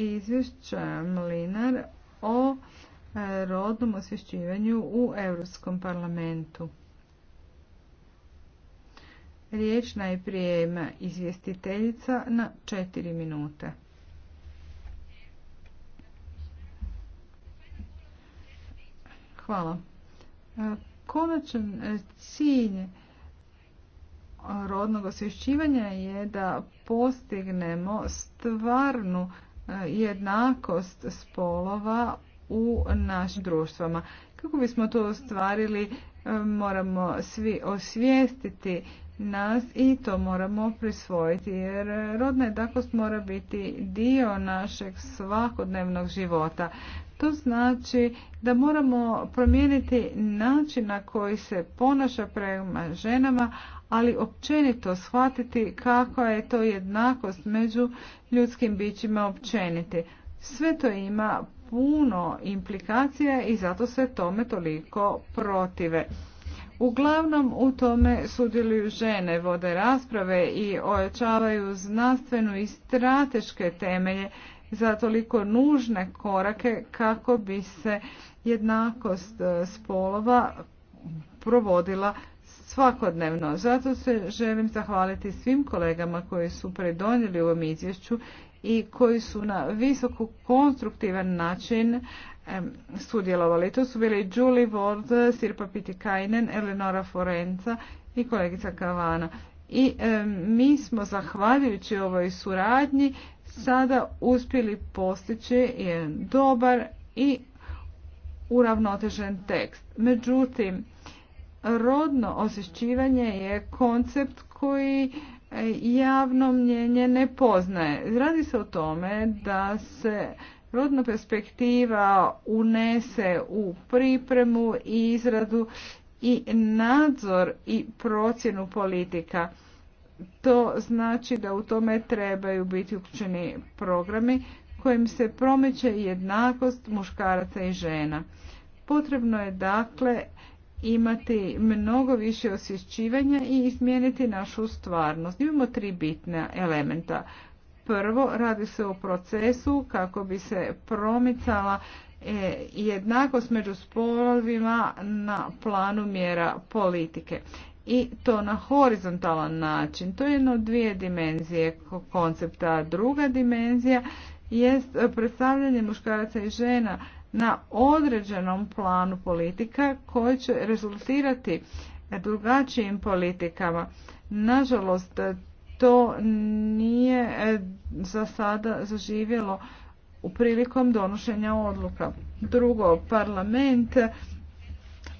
izvješća Mlinar o e, rodnom osvješćivanju u Europskom parlamentu. Riječ najprije ima izvjestiteljica na četiri minute. Hvala. E, konačan cilj rodnog osvješćivanja je da postignemo stvarnu jednakost spolova u našim društvama. Kako bismo to ostvarili, e, moramo svi osvijestiti nas i to moramo prisvojiti jer rodna jednakost mora biti dio našeg svakodnevnog života. To znači da moramo promijeniti način na koji se ponaša prema ženama, ali općenito shvatiti kakva je to jednakost među ljudskim bićima općeniti. Sve to ima puno implikacija i zato se tome toliko protive. Uglavnom u tome sudjeluju žene, vode rasprave i ojačavaju znanstvenu i strateške temelje za toliko nužne korake kako bi se jednakost spolova provodila svakodnevno. Zato se želim zahvaliti svim kolegama koji su predonijeli ovom izvješću i koji su na visoko konstruktivan način sudjelovali. To su bili Julie Ward, Sirpa Pitikainen, Eleonora Forenca i kolegica Kavana. I mi smo zahvaljujući ovoj suradnji sada uspjeli postići dobar i uravnotežen tekst. Međutim, Rodno osjećivanje je koncept koji e, javno mnjenje ne poznaje. Radi se o tome da se rodna perspektiva unese u pripremu i izradu i nadzor i procjenu politika. To znači da u tome trebaju biti uključeni programi kojim se promeće jednakost muškaraca i žena. Potrebno je dakle imati mnogo više osjećivanja i izmijeniti našu stvarnost. Imamo tri bitna elementa. Prvo, radi se o procesu kako bi se promicala e, jednakost među spolovima na planu mjera politike i to na horizontalan način. To je jedno dvije dimenzije koncepta. Druga dimenzija jest predstavljanje muškaraca i žena na određenom planu politika koji će rezultirati drugačijim politikama. Nažalost, to nije e, za sada zaživjelo u prilikom donošenja odluka. Drugo, parlament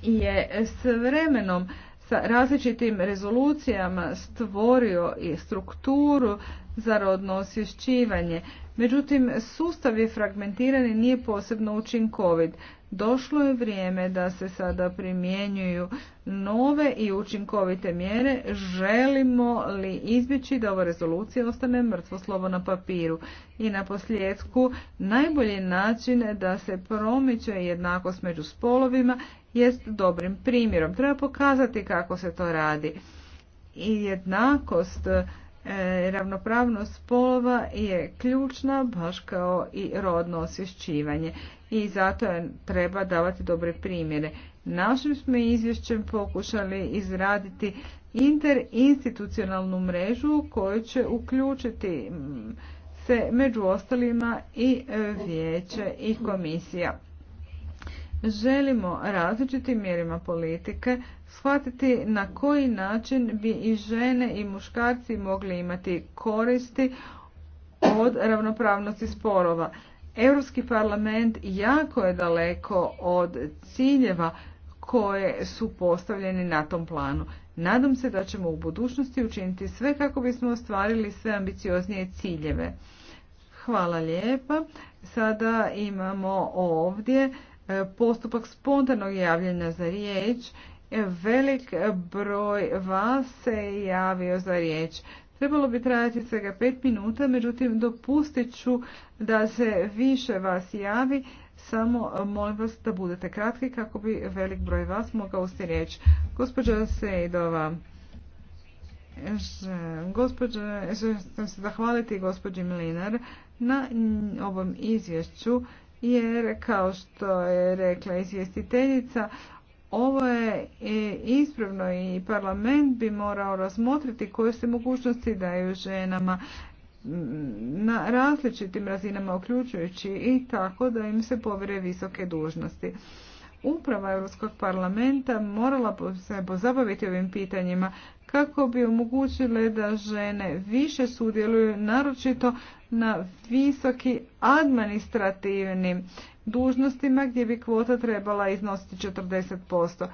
je s vremenom sa različitim rezolucijama stvorio i strukturu za rodno osvješćivanje. Međutim, sustav je fragmentiran i nije posebno učinkovit. Došlo je vrijeme da se sada primjenjuju nove i učinkovite mjere. Želimo li izbjeći da ova rezolucija ostane mrtvo slovo na papiru? I na posljedku, najbolji način da se promiče jednakost među spolovima jest dobrim primjerom. Treba pokazati kako se to radi. I jednakost E, ravnopravnost spolova je ključna baš kao i rodno osvješćivanje i zato treba davati dobre primjere. Našim smo izvješćem pokušali izraditi interinstitucionalnu mrežu koju će uključiti mm, se među ostalima i e, vijeće i komisija. Želimo različitim mjerima politike shvatiti na koji način bi i žene i muškarci mogli imati koristi od ravnopravnosti sporova. Europski parlament jako je daleko od ciljeva koje su postavljeni na tom planu. Nadam se da ćemo u budućnosti učiniti sve kako bismo ostvarili sve ambicioznije ciljeve. Hvala lijepa. Sada imamo ovdje e, postupak spontanog javljanja za riječ Velik broj vas se javio za riječ. Trebalo bi trajati svega pet minuta, međutim dopustit ću da se više vas javi. Samo molim vas da budete kratki kako bi velik broj vas mogao usti riječ. Gospođa Sejdova, vam želim se zahvaliti gospođi Milinar na ovom izvješću jer kao što je rekla izvjestiteljica, ovo je ispravno i parlament bi morao razmotriti koje se mogućnosti daju ženama na različitim razinama, uključujući i tako da im se povjere visoke dužnosti. Uprava Europskog parlamenta morala se pozabaviti ovim pitanjima kako bi omogućile da žene više sudjeluju, naročito na visoki administrativnim dužnostima gdje bi kvota trebala iznositi 40%.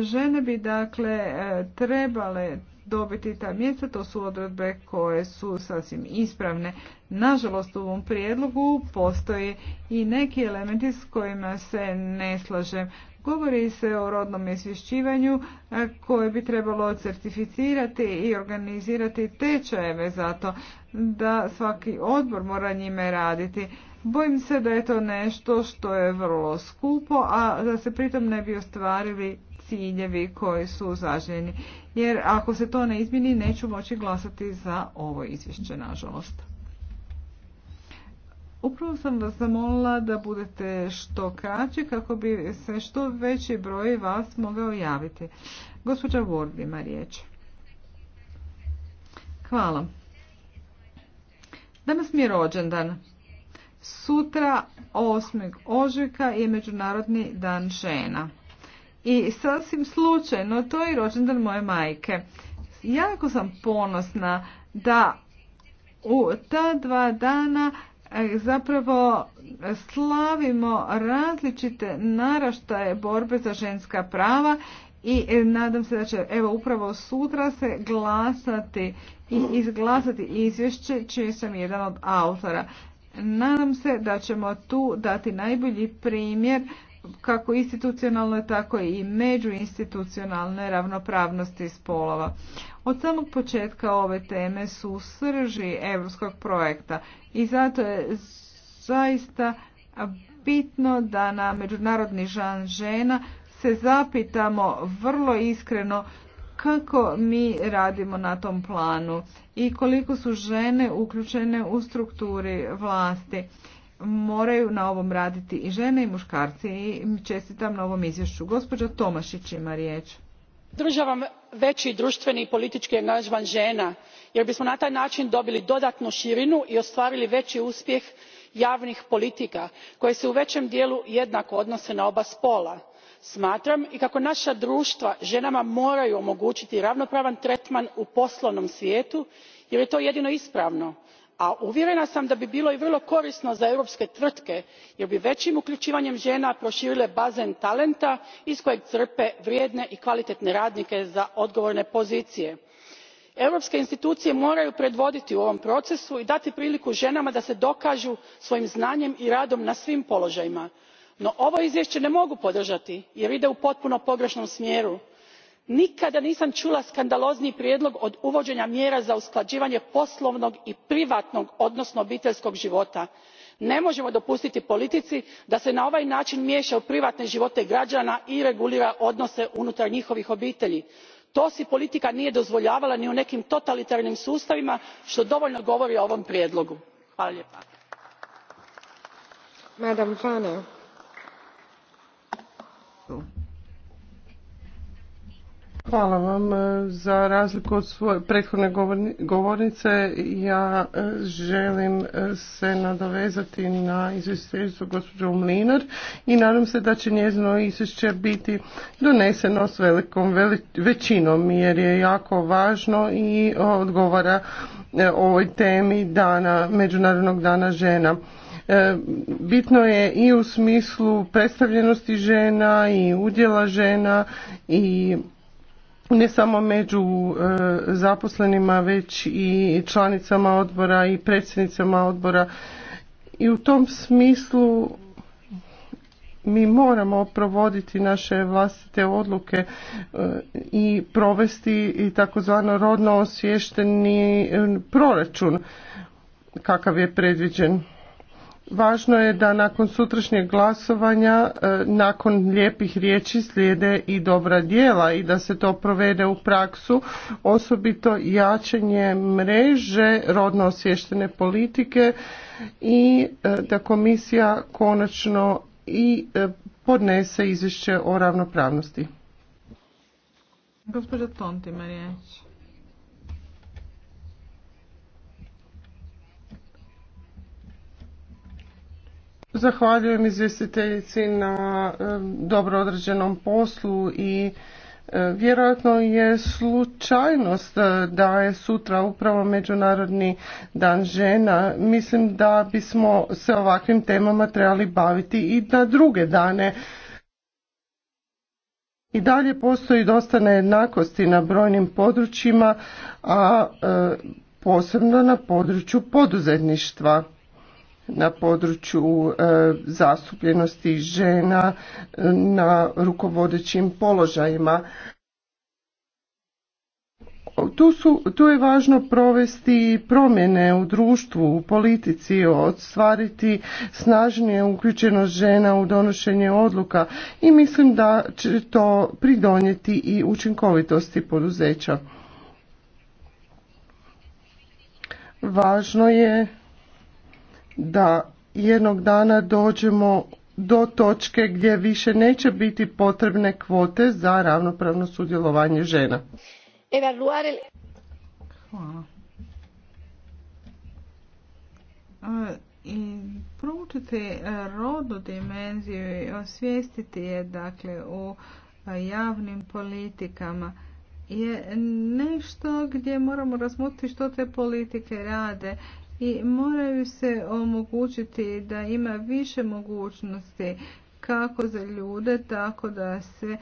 Žene bi dakle e, trebale dobiti ta mjesta, to su odredbe koje su sasvim ispravne. Nažalost u ovom prijedlogu postoje i neki elementi s kojima se ne slažem. Govori se o rodnom izvješćivanju e, koje bi trebalo certificirati i organizirati tečajeve zato da svaki odbor mora njime raditi. Bojim se da je to nešto što je vrlo skupo, a da se pritom ne bi ostvarili ciljevi koji su zaželjeni. Jer ako se to ne izmini, neću moći glasati za ovo izvješće, nažalost. Upravo sam vas zamolila da budete što kraći kako bi se što veći broj vas mogao javiti. Gospođa Ward ima riječ. Hvala. Danas mi je rođendan. Sutra 8. ožujka je Međunarodni dan žena. I sasvim slučajno to je rođendan moje majke. Jako sam ponosna da u ta dva dana E, zapravo slavimo različite naraštaje borbe za ženska prava i e, nadam se da će evo upravo sutra se glasati i izglasati izvješće čiji sam jedan od autora. Nadam se da ćemo tu dati najbolji primjer kako institucionalne, tako i međuinstitucionalne ravnopravnosti spolova. Od samog početka ove teme su srži europskog projekta i zato je zaista bitno da na međunarodni žan žena se zapitamo vrlo iskreno kako mi radimo na tom planu i koliko su žene uključene u strukturi vlasti moraju na ovom raditi i žene i muškarci i čestitam na ovom izvješću. Gospođa Tomašić ima riječ. Državam veći društveni i politički angažman žena jer bismo na taj način dobili dodatnu širinu i ostvarili veći uspjeh javnih politika koje se u većem dijelu jednako odnose na oba spola. Smatram i kako naša društva ženama moraju omogućiti ravnopravan tretman u poslovnom svijetu jer je to jedino ispravno a uvjerena sam da bi bilo i vrlo korisno za europske tvrtke jer bi većim uključivanjem žena proširile bazen talenta iz kojeg crpe vrijedne i kvalitetne radnike za odgovorne pozicije. europske institucije moraju predvoditi u ovom procesu i dati priliku ženama da se dokažu svojim znanjem i radom na svim položajima no ovo izvješće ne mogu podržati jer ide u potpuno pogrešnom smjeru nikada nisam čula skandalozniji prijedlog od uvođenja mjera za usklađivanje poslovnog i privatnog odnosno obiteljskog života. ne možemo dopustiti politici da se na ovaj način miješa u privatne živote građana i regulira odnose unutar njihovih obitelji. to si politika nije dozvoljavala ni u nekim totalitarnim sustavima što dovoljno govori o ovom prijedlogu. Hvala vam. E, za razliku od svoje prethodne govornice, ja e, želim e, se nadovezati na izvjestiteljstvo gospođu Mlinar i nadam se da će njezino izvješće biti doneseno s velikom većinom jer je jako važno i odgovara ovoj temi dana, Međunarodnog dana žena bitno je i u smislu predstavljenosti žena i udjela žena i ne samo među e, zaposlenima već i članicama odbora i predsjednicama odbora i u tom smislu mi moramo provoditi naše vlastite odluke e, i provesti i takozvano rodno osviješteni proračun kakav je predviđen Važno je da nakon sutrašnjeg glasovanja, e, nakon lijepih riječi slijede i dobra djela i da se to provede u praksu, osobito jačanje mreže rodno osvještene politike i e, da komisija konačno i e, podnese izvješće o ravnopravnosti. Tonti, Zahvaljujem izvjestiteljici na dobro određenom poslu i Vjerojatno je slučajnost e, da je sutra upravo Međunarodni dan žena. Mislim da bismo se ovakvim temama trebali baviti i na druge dane. I dalje postoji dosta nejednakosti na brojnim područjima, a e, posebno na području poduzetništva na području e, zastupljenosti žena e, na rukovodećim položajima. Tu, su, tu je važno provesti promjene u društvu, u politici, ostvariti snažnije uključenost žena u donošenje odluka i mislim da će to pridonijeti i učinkovitosti poduzeća. Važno je da jednog dana dođemo do točke gdje više neće biti potrebne kvote za ravnopravno sudjelovanje žena. Hvala. E, I proučiti e, rodnu dimenziju i osvijestiti je dakle u e, javnim politikama je nešto gdje moramo razmutiti što te politike rade i moraju se omogućiti da ima više mogućnosti kako za ljude, tako da se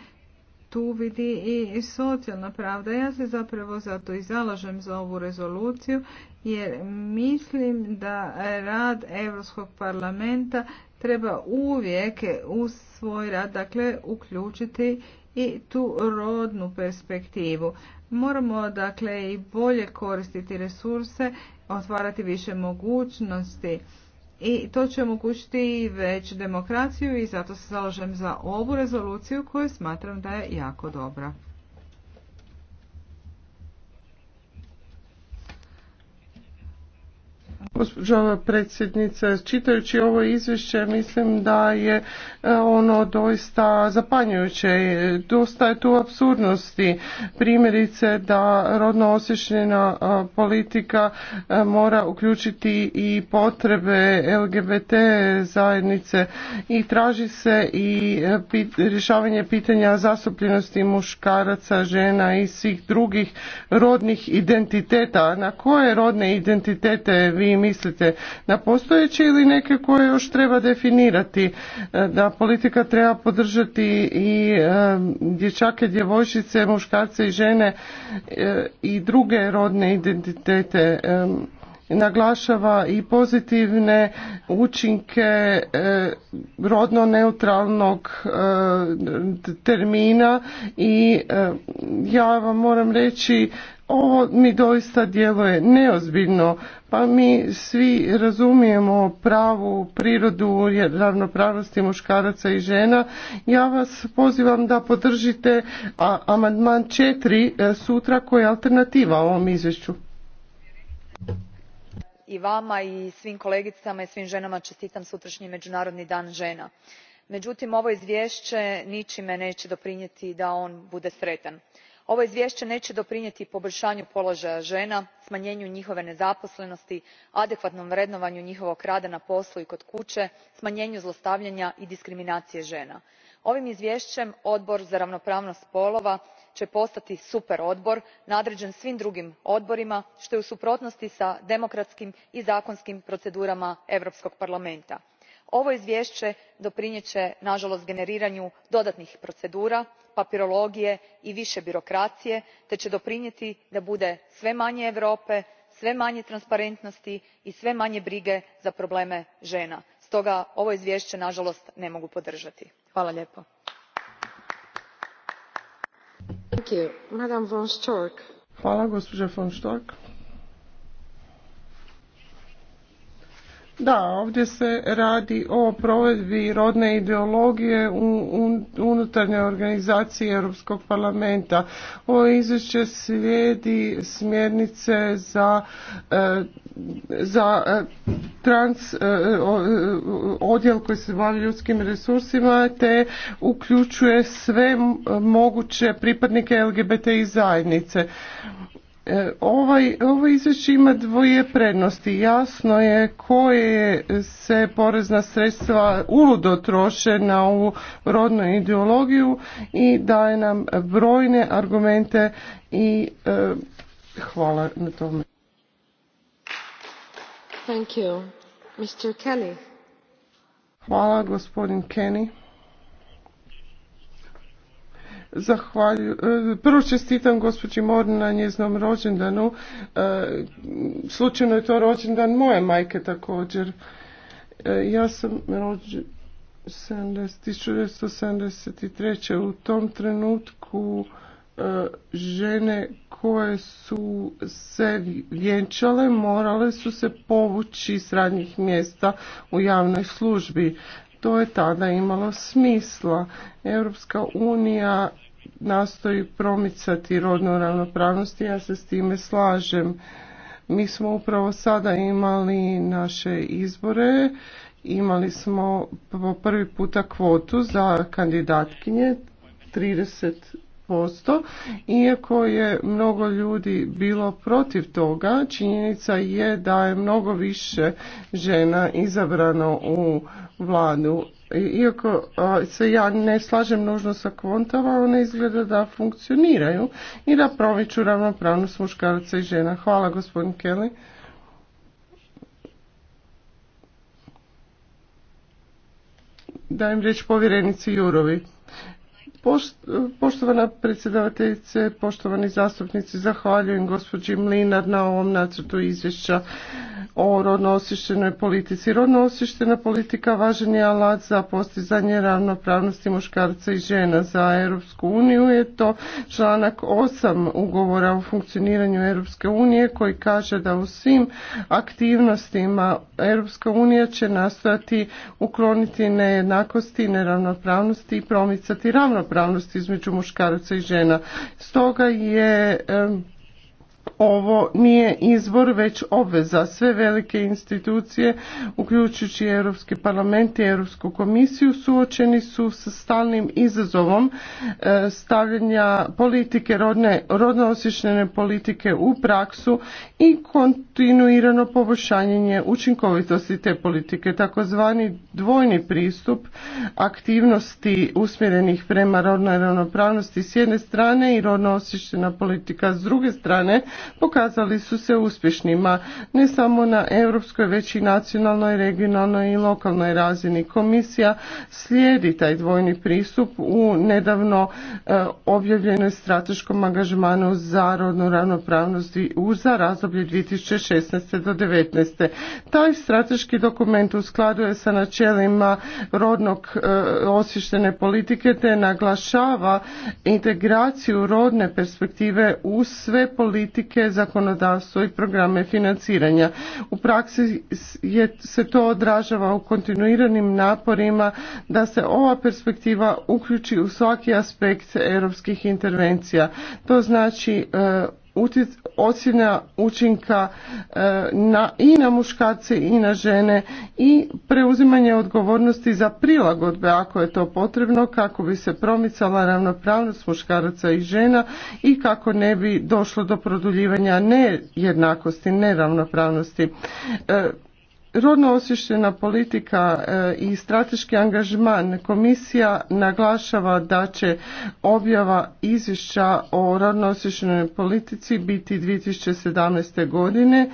tu vidi i socijalna pravda. Ja se zapravo zato i zalažem za ovu rezoluciju jer mislim da rad Europskog parlamenta treba uvijek u svoj rad dakle, uključiti i tu rodnu perspektivu. Moramo dakle i bolje koristiti resurse, otvarati više mogućnosti i to će omogućiti i već demokraciju i zato se zalažem za ovu rezoluciju koju smatram da je jako dobra. Gospođo predsjednice, čitajući ovo izvješće mislim da je e, ono doista zapanjujuće. Dosta je tu absurdnosti. Primjerice da rodno osješnjena e, politika e, mora uključiti i potrebe LGBT zajednice i traži se i rješavanje pitanja zastupljenosti muškaraca, žena i svih drugih rodnih identiteta. Na koje rodne identitete vi mislite? mislite na postojeće ili neke koje još treba definirati e, da politika treba podržati i e, dječake, djevojčice, muškarce i žene e, i druge rodne identitete naglašava i pozitivne učinke rodno neutralnog termina i ja vam moram reći ovo mi doista djeluje neozbiljno, pa mi svi razumijemo pravu prirodu ravnopravnosti muškaraca i žena. Ja vas pozivam da podržite amandman 4 e, sutra koji je alternativa ovom izvješću. I vama i svim kolegicama i svim ženama čestitam sutrašnji Međunarodni dan žena. Međutim, ovo izvješće ničime neće doprinijeti da on bude sretan ovo izvješće neće doprinijeti poboljšanju položaja žena smanjenju njihove nezaposlenosti adekvatnom vrednovanju njihovog rada na poslu i kod kuće smanjenju zlostavljanja i diskriminacije žena. ovim izvješćem odbor za ravnopravnost spolova će postati superodbor nadređen svim drugim odborima što je u suprotnosti s demokratskim i zakonskim procedurama europskog parlamenta ovo izvješće doprinijet će nažalost generiranju dodatnih procedura papirologije i više birokracije te će doprinijeti da bude sve manje europe sve manje transparentnosti i sve manje brige za probleme žena. stoga ovo izvješće nažalost ne mogu podržati. hvala lijepo. Da, ovdje se radi o provedbi rodne ideologije u unutarnjoj organizaciji Europskog parlamenta. Ovo izvješće slijedi smjernice za, e, za e, trans e, odjel koji se bavi ljudskim resursima te uključuje sve moguće pripadnike LGBTI zajednice. E, ovaj, ovo izvješće ima dvoje prednosti. Jasno je koje se porezna sredstva uludo troše na ovu rodnu ideologiju i daje nam brojne argumente i e, hvala na tome. Hvala gospodin Kenny. Zahvaljujem, Prvo čestitam gospođi Morn na njeznom rođendanu. E, slučajno je to rođendan moje majke također. E, ja sam rođen 1973. U tom trenutku e, žene koje su se vjenčale morale su se povući s radnih mjesta u javnoj službi to je tada imalo smisla. Europska unija nastoji promicati rodnu ravnopravnost i ja se s time slažem. Mi smo upravo sada imali naše izbore, imali smo po prvi puta kvotu za kandidatkinje 30%, iako je mnogo ljudi bilo protiv toga, činjenica je da je mnogo više žena izabrano u vladu. Iako se ja ne slažem nužno sa kvontama, one izgleda da funkcioniraju i da promiču ravnopravnost muškaraca i žena. Hvala gospodin Kelly. Dajem riječ povjerenici Jurovi. Poštovana predsjedavateljice, poštovani zastupnici, zahvaljujem gospođi Mlinar na ovom nacrtu izvješća o rodno politici. Rodno osviještena politika važan je alat za postizanje ravnopravnosti muškarca i žena za Europsku uniju. Je to članak osam ugovora o funkcioniranju Europske unije koji kaže da u svim aktivnostima Europska unija će nastojati ukloniti nejednakosti i neravnopravnosti i promicati ravnopravnost ravnopravnosti između muškaraca i žena. Stoga je ovo nije izbor već obveza. Sve velike institucije, uključujući Europski parlament i Europsku komisiju, suočeni su sa stalnim izazovom e, stavljanja politike rodne, rodno osjećene politike u praksu i kontinuirano poboljšanje učinkovitosti te politike. Takozvani dvojni pristup aktivnosti usmjerenih prema rodnoj ravnopravnosti s jedne strane i rodno osjećena politika s druge strane pokazali su se uspješnima ne samo na europskoj već i nacionalnoj, regionalnoj i lokalnoj razini. Komisija slijedi taj dvojni pristup u nedavno e, objavljenoj strateškom angažmanu za rodnu ravnopravnost i za razdoblje 2016. do 2019. Taj strateški dokument u skladu je sa načelima rodnog e, osvištene politike te naglašava integraciju rodne perspektive u sve politike politike, zakonodavstvo i programe financiranja. U praksi je, se to odražava u kontinuiranim naporima da se ova perspektiva uključi u svaki aspekt europskih intervencija. To znači e, ocjena učinka e, na, i na muškarce i na žene i preuzimanje odgovornosti za prilagodbe ako je to potrebno kako bi se promicala ravnopravnost muškaraca i žena i kako ne bi došlo do produljivanja nejednakosti, neravnopravnosti. E, Rodno politika e, i strateški angažman komisija naglašava da će objava izvješća o rodno politici biti 2017. godine.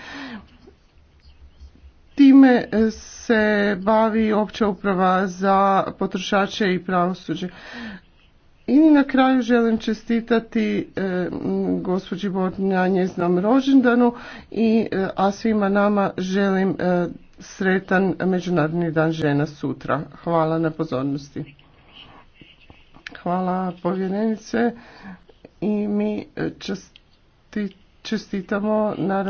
Time e, se bavi opća uprava za potrošače i pravosuđe. I na kraju želim čestitati e, gospođi Bodnja njeznom rođendanu, i, e, a svima nama želim sretan Međunarodni dan žena sutra. Hvala na pozornosti. Hvala povjerenice i mi eh, čestitamo naravno